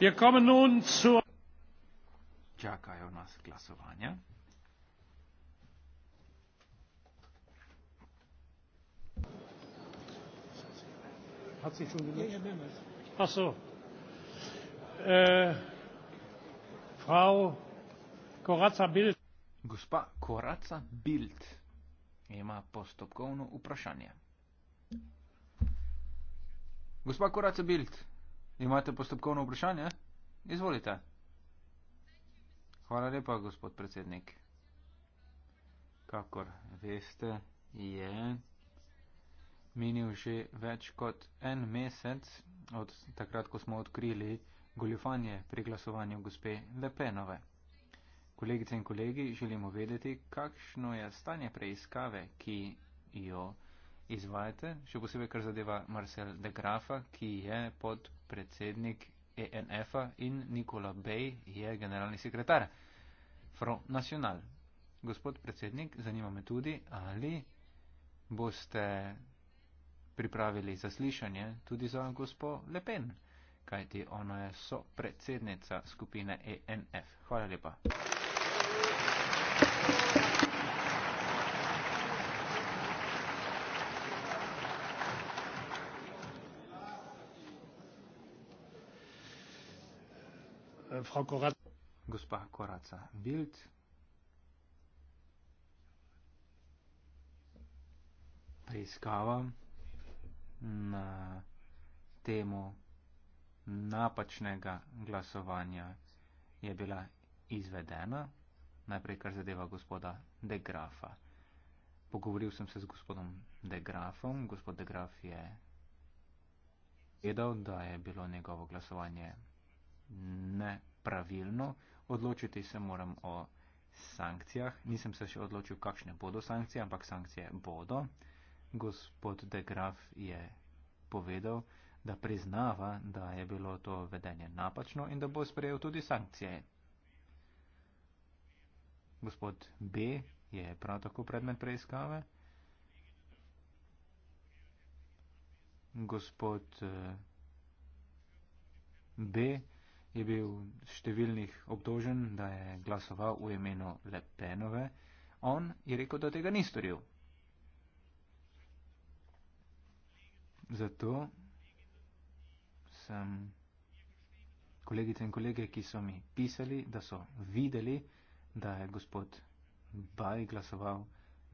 Wir kommen nun zur Czekają nas glasowania. Hat sich schon gelöst? Ja, ja, Ach so. Äh, Frau Koraca Bild. Gospa Koraca Bild. Ima postopkovno vprašanje. Gospa Koraca Bild. Imate postopkovno vprašanje? Izvolite. Hvala lepa, gospod predsednik. Kakor veste, je minil že več kot en mesec od takrat, ko smo odkrili goljufanje pri glasovanju gospe Lepenove. Kolegice in kolegi, želimo vedeti, kakšno je stanje preiskave, ki jo izvajate, še posebej kar zadeva Marcel de Grafa, ki je podpredsednik ENF-a in Nikola Bej je generalni sekretar Front National. Gospod predsednik, zanima me tudi, ali boste pripravili zaslišanje tudi za gospod Le Pen, kajti ona je sopredsednica skupine ENF. Hvala lepa. Frau Koratz. Gospa Koratza Bild. Preiskava na temo napačnega glasovanja je bila izvedena, najprej kar zadeva gospoda De Grafa. Pogovoril sem se z gospodom De Grafom. Gospod De Graf je vedel, da je bilo njegovo glasovanje ne pravilno, odločiti se moram o sankcijah. Nisem se še odločil, kakšne bodo sankcije, ampak sankcije bodo. Gospod de Graf je povedal, da priznava, da je bilo to vedenje napačno in da bo sprejel tudi sankcije. Gospod B je prav tako predmet preiskave. Gospod eh, B je bil številnih obtožen, da je glasoval v imenu Lepenove, on je rekel, da tega ni storil. Zato sem kolegice in kolege, ki so mi pisali, da so videli, da je gospod Baj glasoval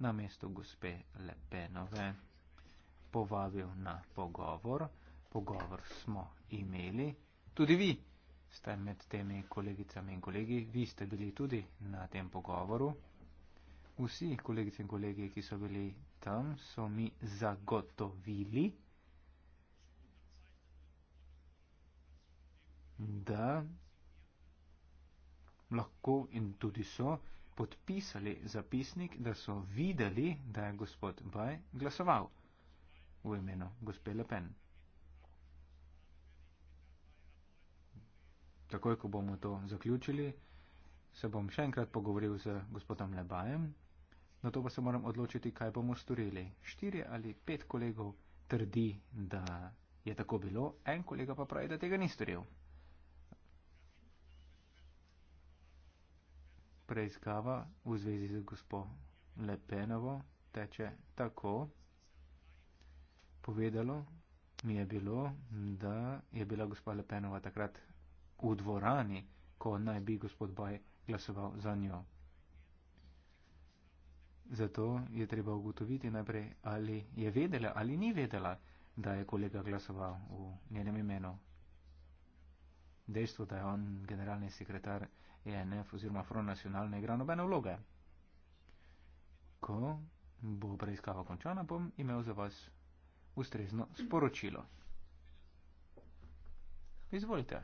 na mesto gospe Lepenove, povabil na pogovor, pogovor smo imeli, tudi vi ste med temi kolegicami in kolegi, vi ste bili tudi na tem pogovoru. Vsi kolegice in kolegi, ki so bili tam, so mi zagotovili, da lahko in tudi so podpisali zapisnik, da so videli, da je gospod Baj glasoval v imenu gospe Le Pen. takoj, ko bomo to zaključili, se bom še enkrat pogovoril z gospodom Lebajem, na to pa se moram odločiti, kaj bomo storili. Štiri ali pet kolegov trdi, da je tako bilo, en kolega pa pravi, da tega ni storil. Preiskava v zvezi z gospod Lepenovo teče tako, povedalo mi je bilo, da je bila gospod Lepenova takrat v dvorani, ko naj bi gospod Baj glasoval za njo. Zato je treba ugotoviti najprej, ali je vedela ali ni vedela, da je kolega glasoval v njenem imenu. Dejstvo, da je on generalni sekretar ENF oziroma Front National, ne igra nobene vloge. Ko bo preiskava končana, bom imel za vas ustrezno sporočilo. Izvolite.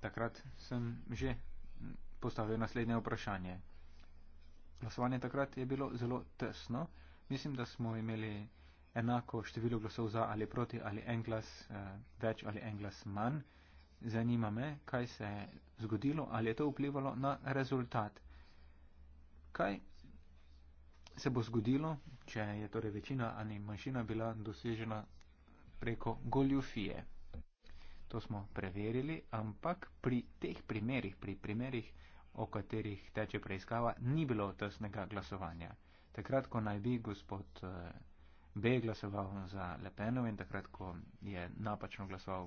Takrat sem že postavil naslednje vprašanje. Glasovanje takrat je bilo zelo tesno. Mislim, da smo imeli enako število glasov za ali proti ali en glas eh, več ali en glas manj. Zanima me, kaj se je zgodilo, ali je to vplivalo na rezultat. Kaj se bo zgodilo, če je torej večina ali manjšina bila dosežena preko goljufije. To smo preverili, ampak pri teh primerih, pri primerih, o katerih teče preiskava, ni bilo tesnega glasovanja. Takrat, ko naj bi gospod eh, B glasoval za Le Penov in takrat, ko je napačno glasoval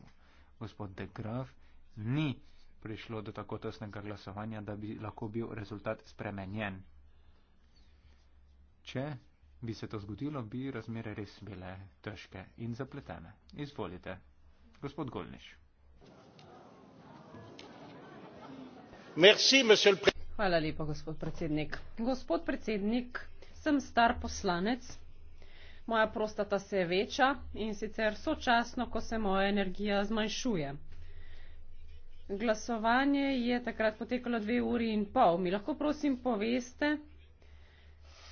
gospod De Graf, ni prišlo do tako tesnega glasovanja, da bi lahko bil rezultat spremenjen. Če bi se to zgodilo, bi razmere res bile težke in zapletene. Izvolite, gospod Golniš. Merci, Hvala lepa, gospod predsednik. Gospod predsednik, sem star poslanec. Moja prostata se je veča in sicer sočasno, ko se moja energija zmanjšuje. Glasovanje je takrat potekalo dve uri in pol. Mi lahko prosim poveste,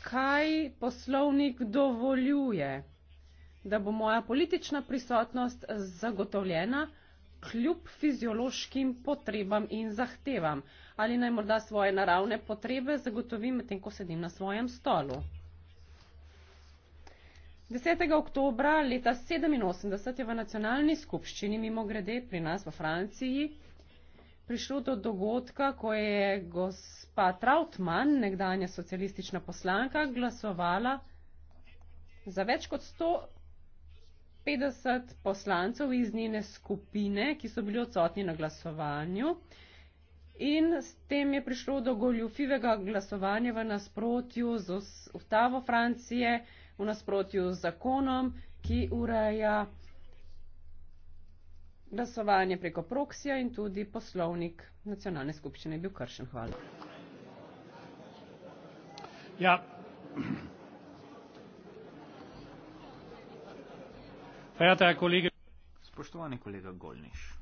kaj poslovnik dovoljuje, da bo moja politična prisotnost zagotovljena kljub fiziološkim potrebam in zahtevam. Ali naj morda svoje naravne potrebe zagotovim, medtem ko sedim na svojem stolu. 10. oktobra leta 1987 je v nacionalni skupščini mimo grede pri nas v Franciji prišlo do dogodka, ko je gospod gospa Trautmann, nekdanja socialistična poslanka, glasovala za več kot 150 poslancev iz njene skupine, ki so bili odsotni na glasovanju. In s tem je prišlo do goljufivega glasovanja v nasprotju z ustavo Francije, v nasprotju z zakonom, ki ureja glasovanje preko proksija in tudi poslovnik nacionalne skupščine je bil kršen. Hvala. Ja. Verjate, kolega. Spoštovani kolega Golniš.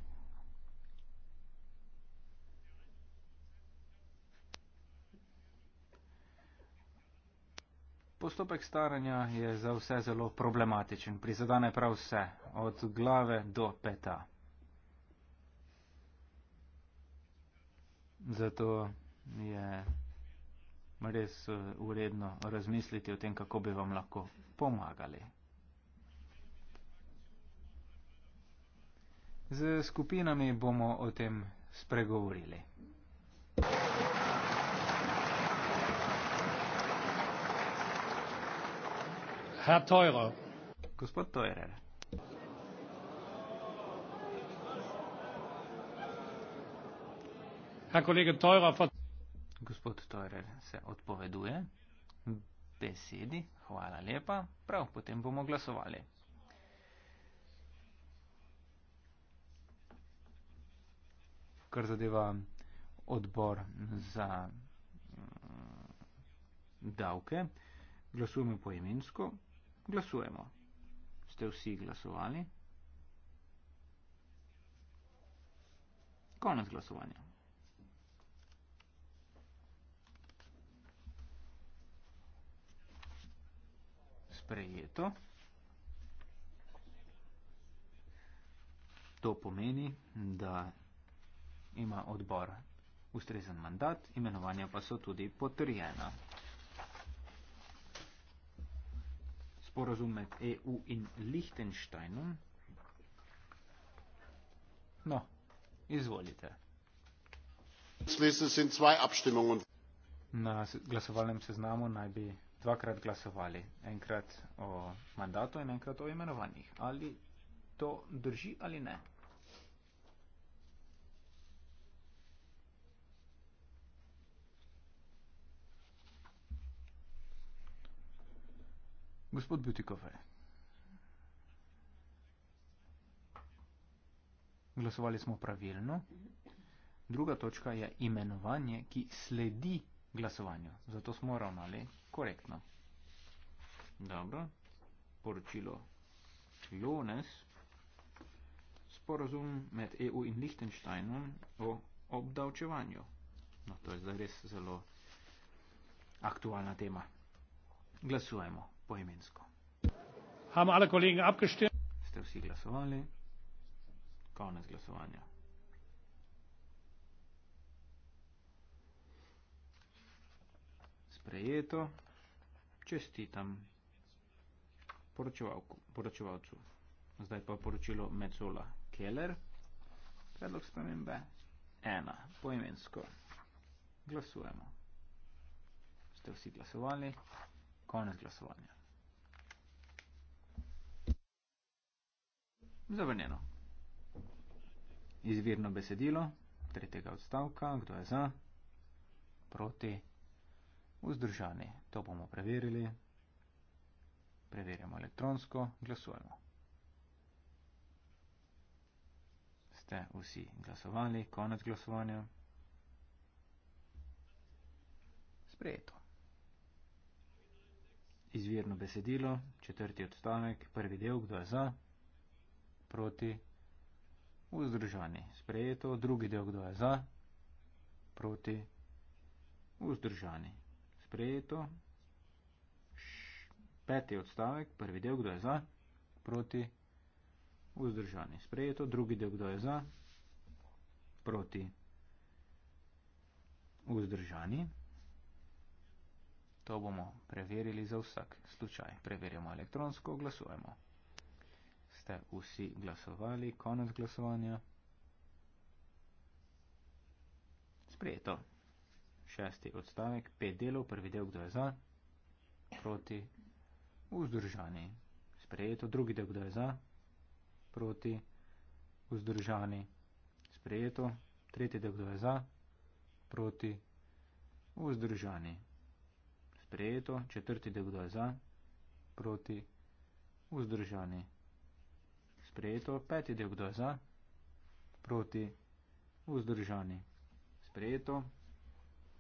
Postopek staranja je za vse zelo problematičen, prizadane prav vse, od glave do peta. Zato je res uredno eh, razmisliti o tem, kako bi vam lahko pomagali. Z skupinami bomo o tem spregovorili. Gospod Toerer. Herr Kollege Teurer, vor gospod Torer se odpoveduje besedi, hvala lepa, prav, potem bomo glasovali. Kar zadeva odbor za mm, davke, glasujemo poimensko, glasujemo. Ste vsi glasovali? Konec glasovanja. sprejeto. To pomeni, da ima odbor ustrezen mandat, imenovanja pa so tudi potrjena. Sporazum med EU in Lichtensteinom. No, izvolite. Na glasovalnem seznamu naj bi dvakrat glasovali, enkrat o mandatu in enkrat o imenovanjih. Ali to drži ali ne? Gospod Butikove, glasovali smo pravilno. Druga točka je imenovanje, ki sledi glasovanju. Zato smo ravnali korektno. Dobro, poročilo Jones. Sporazum med EU in Lichtensteinom o obdavčevanju. No, to je zdaj res zelo aktualna tema. Glasujemo poimensko. Ste vsi glasovali? Konec glasovanja. prejeto. Čestitam poročevalcu. Zdaj pa poročilo Metzola Keller. Predlog spremembe. Ena. Poimensko. Glasujemo. Ste vsi glasovali? Konec glasovanja. Zavrnjeno. Izvirno besedilo. Tretjega odstavka. Kdo je za? Proti vzdržani. To bomo preverili. Preverjamo elektronsko, glasujemo. Ste vsi glasovali, konec glasovanja. Sprejeto. Izvirno besedilo, četrti odstavek, prvi del, kdo je za, proti, vzdržani. Sprejeto, drugi del, kdo je za, proti, vzdržani sprejeto. Peti odstavek, prvi del, kdo je za, proti, vzdržani. Sprejeto, drugi del, kdo je za, proti, vzdržani. To bomo preverili za vsak slučaj. Preverjamo elektronsko, glasujemo. Ste vsi glasovali, konec glasovanja. Sprejeto šesti odstavek, pet delov, prvi del, kdo je za, proti, vzdržani, sprejeto, drugi del, kdo je za, proti, vzdržani, sprejeto, tretji del, kdo je za, proti, vzdržani, sprejeto, četrti del, kdo je za, proti, vzdržani, sprejeto, peti del, kdo je za, proti, vzdržani, sprejeto,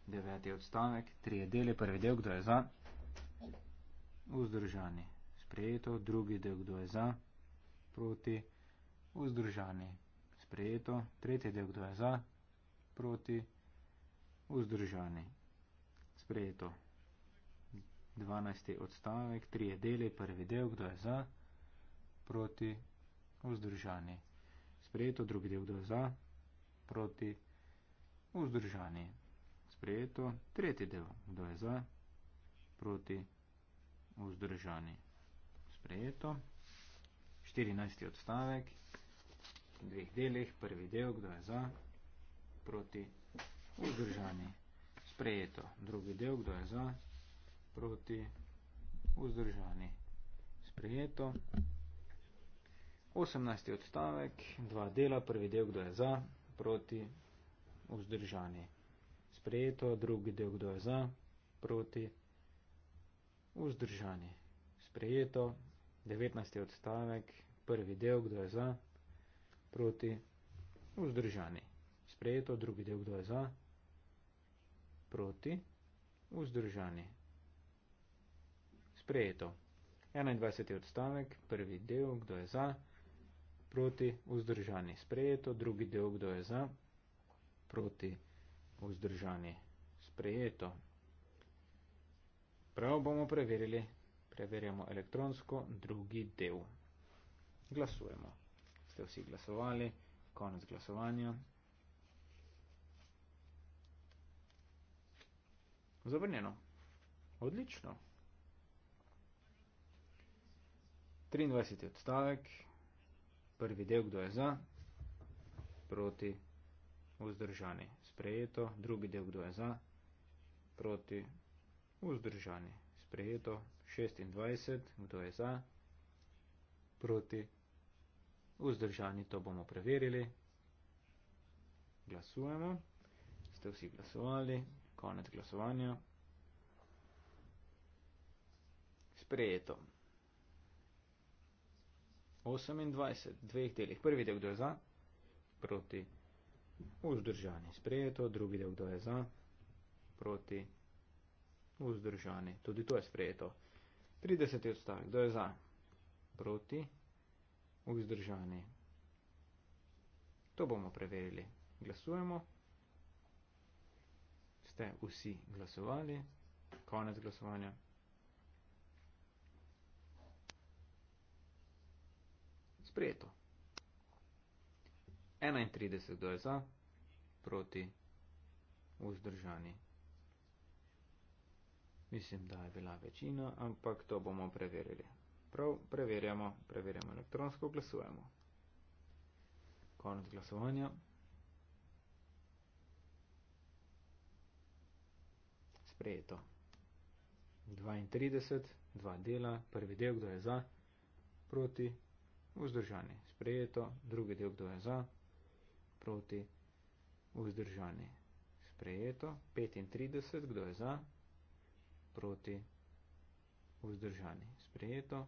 deveti odstavek, tri je deli, prvi del, kdo je za, vzdržani, sprejeto, drugi del, kdo je za, proti, vzdržani, sprejeto, tretji del, kdo je za, proti, vzdržani, sprejeto, dvanajsti odstavek, tri je deli, prvi del, kdo je za, proti, vzdržani, sprejeto, drugi del, kdo je za, proti, vzdržani. Sprejeto, sprejeto. Tretji del, kdo je za, proti, vzdržani, sprejeto. 14. odstavek, v dveh delih, prvi del, kdo je za, proti, vzdržani, sprejeto. Drugi del, kdo je za, proti, vzdržani, sprejeto. 18. odstavek, dva dela, prvi del, kdo je za, proti, vzdržani, sprejeto sprejeto, drugi del kdo je za, proti, vzdržani, sprejeto, 19. odstavek, prvi del kdo je za, proti, vzdržani, sprejeto, drugi del kdo je za, proti, vzdržani, sprejeto, 21. odstavek, prvi del kdo je za, proti, vzdržani, sprejeto, drugi del kdo je za, proti, vzdržani, sprejeto, vzdržanje sprejeto. Prav bomo preverili, preverjamo elektronsko drugi del. Glasujemo. Ste vsi glasovali, konec glasovanja. Zavrnjeno. Odlično. 23. odstavek, prvi del, kdo je za, proti, vzdržani sprejeto, drugi del kdo je za, proti, vzdržani, sprejeto, 26, kdo je za, proti, vzdržani, to bomo preverili, glasujemo, ste vsi glasovali, konec glasovanja, sprejeto. 28, dveh delih. Prvi del, kdo je za, proti Vzdržani sprejeto, drugi del kdo je za, proti, vzdržani, tudi to je sprejeto. 30. odstavek, kdo je za, proti, vzdržani. To bomo preverili. Glasujemo. Ste vsi glasovali. Konec glasovanja. Sprejeto. 31 kdo je za, proti, vzdržani. Mislim, da je bila večina, ampak to bomo preverili. Prav, preverjamo, preverjamo elektronsko, glasujemo. Konec glasovanja. Sprejeto. 32, dva dela, prvi del, kdo je za, proti, vzdržani. Sprejeto, drugi del, kdo je za, proti vzdržani. Sprejeto. 35. Kdo je za? Proti vzdržani. Sprejeto.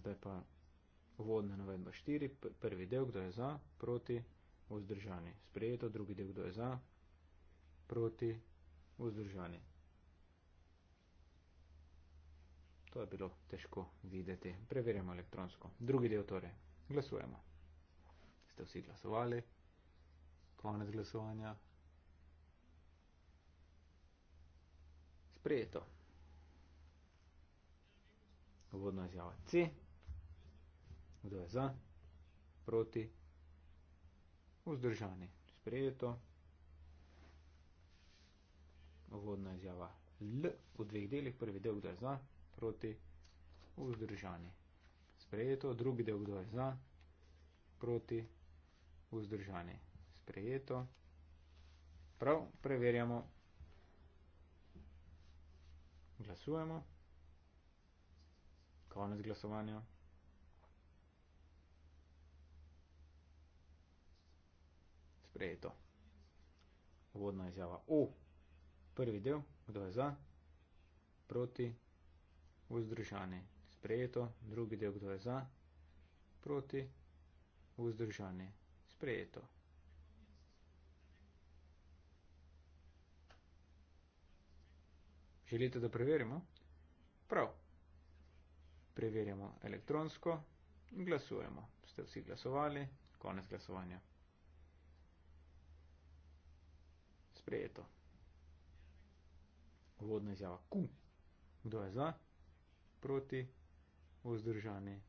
Zdaj pa vodna navedba 4. Prvi del, kdo je za? Proti vzdržani. Sprejeto. Drugi del, kdo je za? Proti vzdržani. To je bilo težko videti. Preverjamo elektronsko. Drugi del torej. Glasujemo. Ste vsi glasovali? Konec glasovanja. Sprejeto. Uvodna izjava C. Kdo je za? Proti? Vzdržani. Sprejeto. Uvodna izjava L. V dveh delih. Prvi del, kdo je za? Proti? proti vzdržani. Sprejeto, drugi del kdo je za, proti vzdržani. Sprejeto, prav, preverjamo, glasujemo, konec glasovanja. Sprejeto, uvodna izjava U, prvi del, kdo je za, proti vzdržani vzdržani. Sprejeto, drugi del, kdo je za, proti, vzdržani. Sprejeto. Želite, da preverimo? Prav. Preverjamo elektronsko in glasujemo. Ste vsi glasovali? Konec glasovanja. Sprejeto. Uvodna izjava Q. Kdo je za? proti, vzdržani.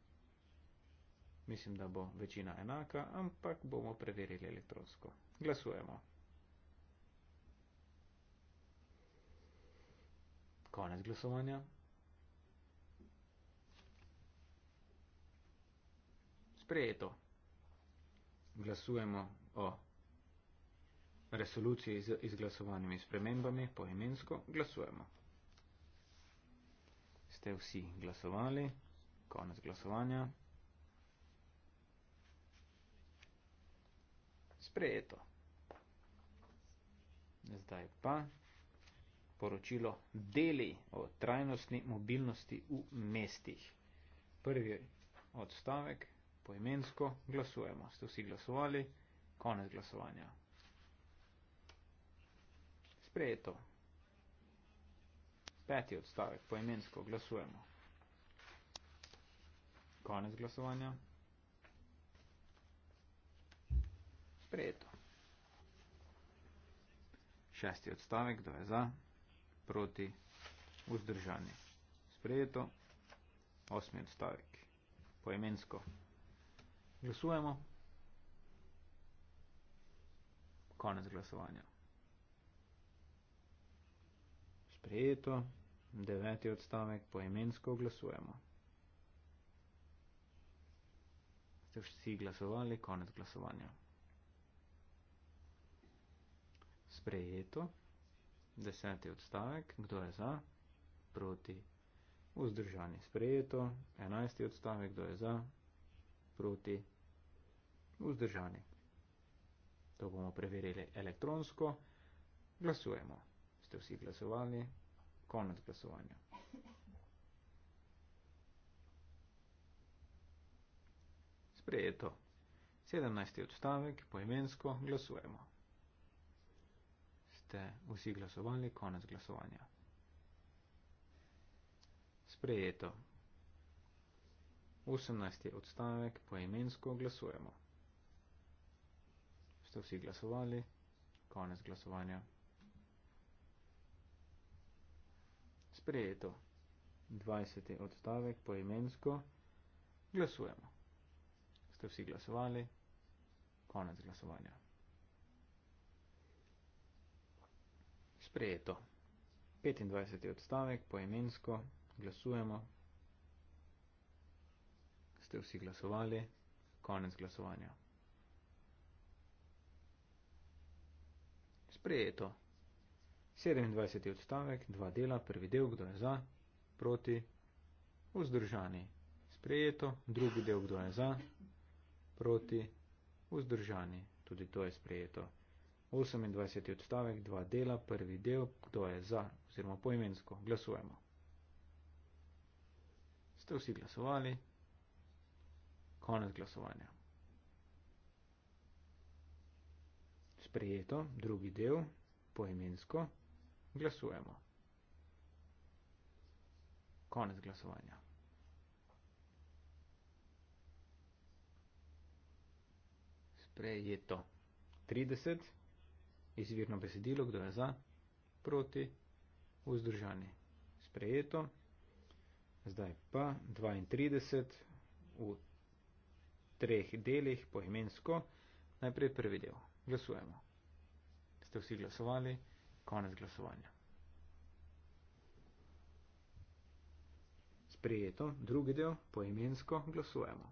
Mislim, da bo večina enaka, ampak bomo preverili elektronsko. Glasujemo. Konec glasovanja. Sprejeto. Glasujemo o resoluciji z izglasovanimi spremembami poimensko. Glasujemo ste vsi glasovali. Konec glasovanja. Sprejeto. Zdaj pa poročilo deli o trajnostni mobilnosti v mestih. Prvi odstavek, poimensko glasujemo. Ste vsi glasovali, konec glasovanja. Sprejeto peti odstavek poimensko glasujemo. Konec glasovanja. Sprejeto. Šesti odstavek, kdo je za, proti, vzdržani. Sprejeto. Osmi odstavek, poimensko glasujemo. Konec glasovanja. sprejeto, deveti odstavek poimensko glasujemo. Ste vsi glasovali, konec glasovanja. Sprejeto, deseti odstavek, kdo je za, proti, vzdržani. Sprejeto, enajsti odstavek, kdo je za, proti, vzdržani. To bomo preverili elektronsko. Glasujemo ste vsi glasovali, konec glasovanja. Sprejeto. 17. odstavek, poimensko glasujemo. Ste vsi glasovali, konec glasovanja. Sprejeto. 18. odstavek, poimensko glasujemo. Ste vsi glasovali, konec glasovanja. sprejeto. 20. odstavek poimensko. Glasujemo. Ste vsi glasovali? Konec glasovanja. Sprejeto. 25. odstavek poimensko. Glasujemo. Ste vsi glasovali? Konec glasovanja. Sprejeto. 27. odstavek, dva dela, prvi del, kdo je za, proti, vzdržani, sprejeto, drugi del, kdo je za, proti, vzdržani, tudi to je sprejeto. 28. odstavek, dva dela, prvi del, kdo je za, oziroma poimensko, glasujemo. Ste vsi glasovali? Konec glasovanja. Sprejeto, drugi del, poimensko glasujemo. Konec glasovanja. Sprejeto. 30. Izvirno besedilo, kdo je za, proti, vzdržani. Sprejeto. Zdaj pa 32 v treh delih poimensko. Najprej prvi del. Glasujemo. Ste vsi glasovali? konec glasovanja. Sprejeto, drugi del, poimensko glasujemo.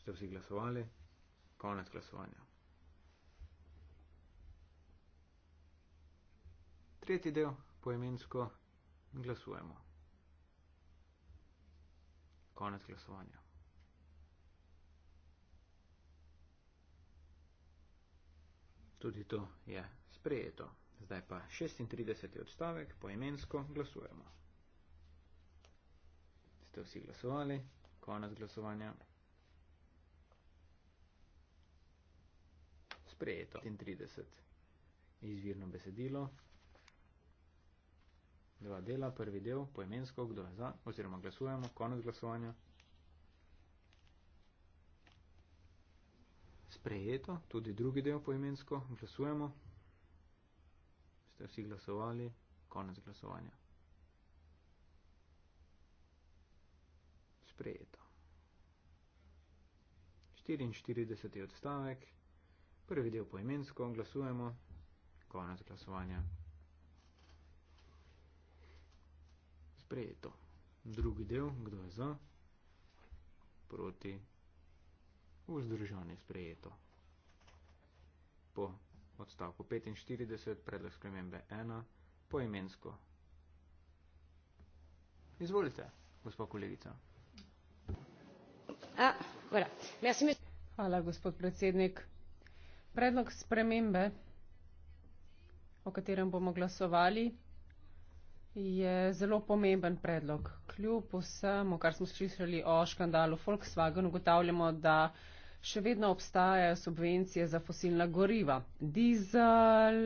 Ste vsi glasovali? Konec glasovanja. Tretji del, poimensko glasujemo. Konec glasovanja. Tudi to je sprejeto. Zdaj pa 36. odstavek poimensko glasujemo. Ste vsi glasovali? Konec glasovanja. Sprejeto. 30. Izvirno besedilo. Dva dela, prvi del, poimensko, kdo je za, oziroma glasujemo, konec glasovanja. sprejeto, tudi drugi del poimensko, glasujemo. Ste vsi glasovali, konec glasovanja. Sprejeto. 44. odstavek, prvi del poimensko, glasujemo, konec glasovanja. Sprejeto. Drugi del, kdo je za? Proti vzdržanje sprejeto. Po odstavku 45 predlog spremembe 1 poimensko. Izvolite, gospod kolegica. A, hvala. Ja sem... hvala, gospod predsednik. Predlog spremembe, o katerem bomo glasovali, je zelo pomemben predlog. Kljub vsemu, kar smo slišali o škandalu Volkswagen, ugotavljamo, da še vedno obstajajo subvencije za fosilna goriva. Dizel,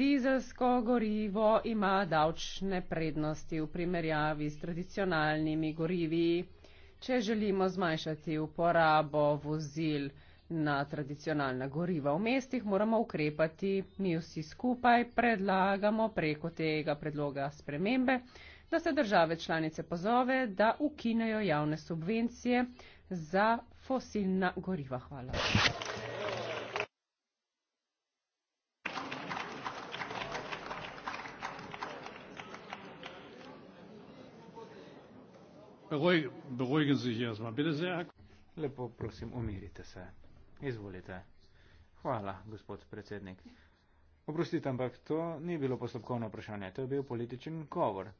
dizelsko gorivo ima davčne prednosti v primerjavi s tradicionalnimi gorivi. Če želimo zmanjšati uporabo vozil na tradicionalna goriva v mestih, moramo ukrepati. Mi vsi skupaj predlagamo preko tega predloga spremembe da se države članice pozove, da ukinejo javne subvencije za fosilna goriva. Hvala. Lepo prosim, umirite se. Izvolite. Hvala, gospod predsednik. Oprostite, ampak to ni bilo postopkovno vprašanje, to je bil političen govor.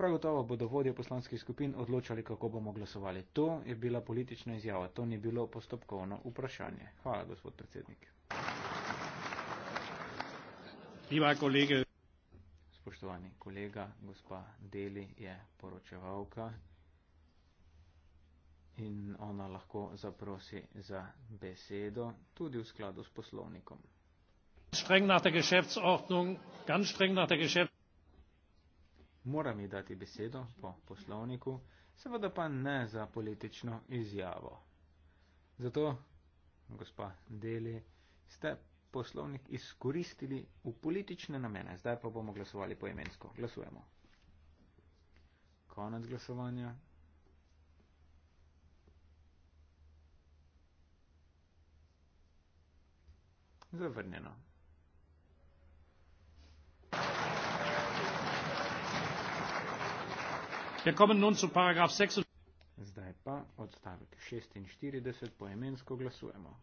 Prav gotovo bodo vodje poslanskih skupin odločali, kako bomo glasovali. To je bila politična izjava, to ni bilo postopkovno vprašanje. Hvala, gospod predsednik. Ima kolege. Spoštovani kolega, gospa Deli je poročevalka in ona lahko zaprosi za besedo tudi v skladu s poslovnikom. Streng nach der Geschäftsordnung, ganz streng nach der Geschäftsordnung moram ji dati besedo po poslovniku, seveda pa ne za politično izjavo. Zato, gospa Deli, ste poslovnik izkoristili v politične namene. Zdaj pa bomo glasovali poemensko. Glasujemo. Konec glasovanja. Zavrnjeno. Wir kommen nun zu Paragraph 46. Zdaj pa odstavek 46 poemensko glasujemo.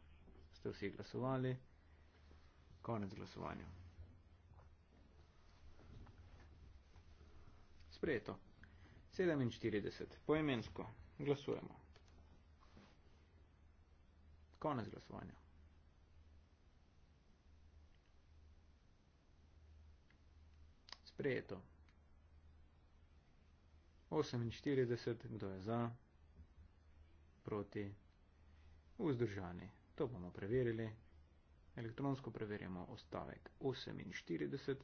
Ste vsi glasovali? Konec glasovanja. Sprejeto. 47 poemensko glasujemo. Konec glasovanja. Sprejeto. 48, kdo je za, proti, vzdržani. To bomo preverili. Elektronsko preverjamo ostavek 48.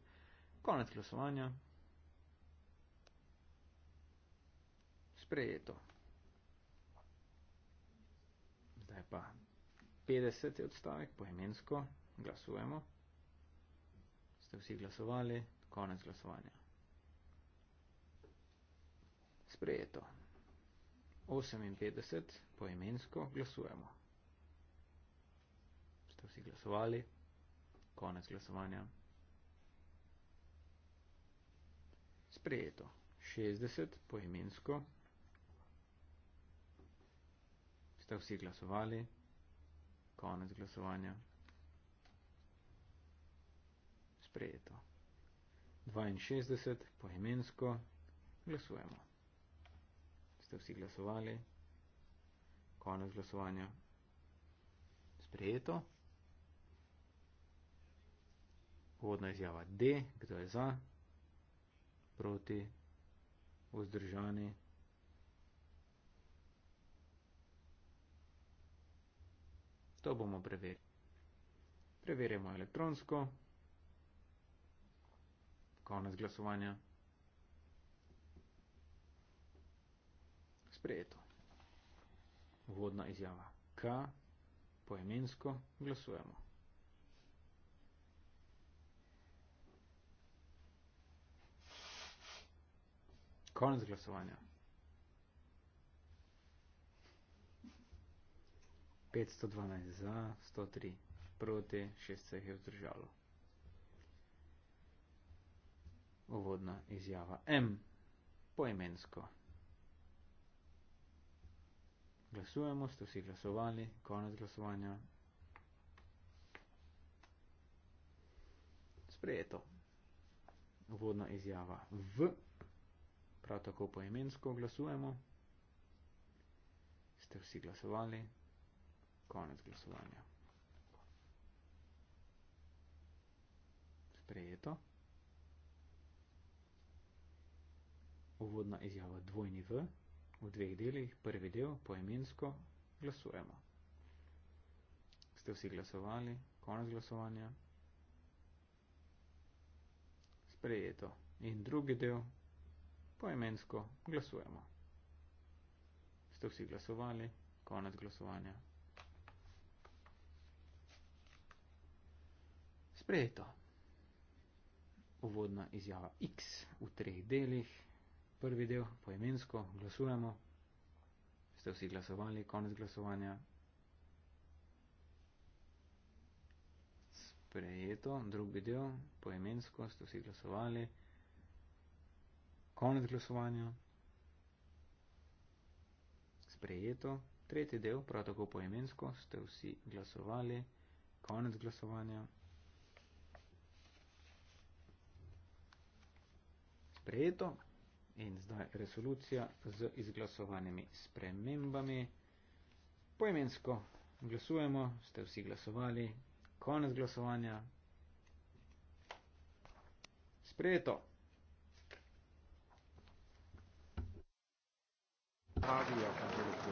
Konec glasovanja. Sprejeto. Zdaj pa 50 je odstavek, poimensko glasujemo. Ste vsi glasovali? Konec glasovanja sprejeto. 58 poimensko glasujemo. Ste vsi glasovali? Konec glasovanja. Sprejeto. 60 poimensko. Ste vsi glasovali? Konec glasovanja. Sprejeto. 62 poimensko glasujemo ste vsi glasovali. Konec glasovanja. Sprejeto. Uvodna izjava D. Kdo je za? Proti? Vzdržani? To bomo preverili. Preverjamo elektronsko. Konec glasovanja. sprejeto. Vodna izjava K poemensko glasujemo. Konec glasovanja. 512 za, 103 proti, 6 se je vzdržalo. Uvodna izjava M. Poimensko Glasujemo, ste vsi glasovali, konec glasovanja. Sprejeto. Uvodna izjava V. Prav tako poimensko glasujemo. Ste vsi glasovali, konec glasovanja. Sprejeto. Uvodna izjava dvojni V v dveh delih, prvi del poemensko glasujemo. Ste vsi glasovali, konec glasovanja. Sprejeto. In drugi del poemensko glasujemo. Ste vsi glasovali, konec glasovanja. Sprejeto. Uvodna izjava X v treh delih, prvi del poimensko, glasujemo. Ste vsi glasovali, konec glasovanja. Sprejeto, drugi del poimensko, ste vsi glasovali. Konec glasovanja. Sprejeto, tretji del, prav tako poimensko, ste vsi glasovali. Konec glasovanja. Sprejeto. In zdaj resolucija z izglasovanimi spremembami. Poimensko glasujemo, ste vsi glasovali, konec glasovanja. Sprejeto. Radio,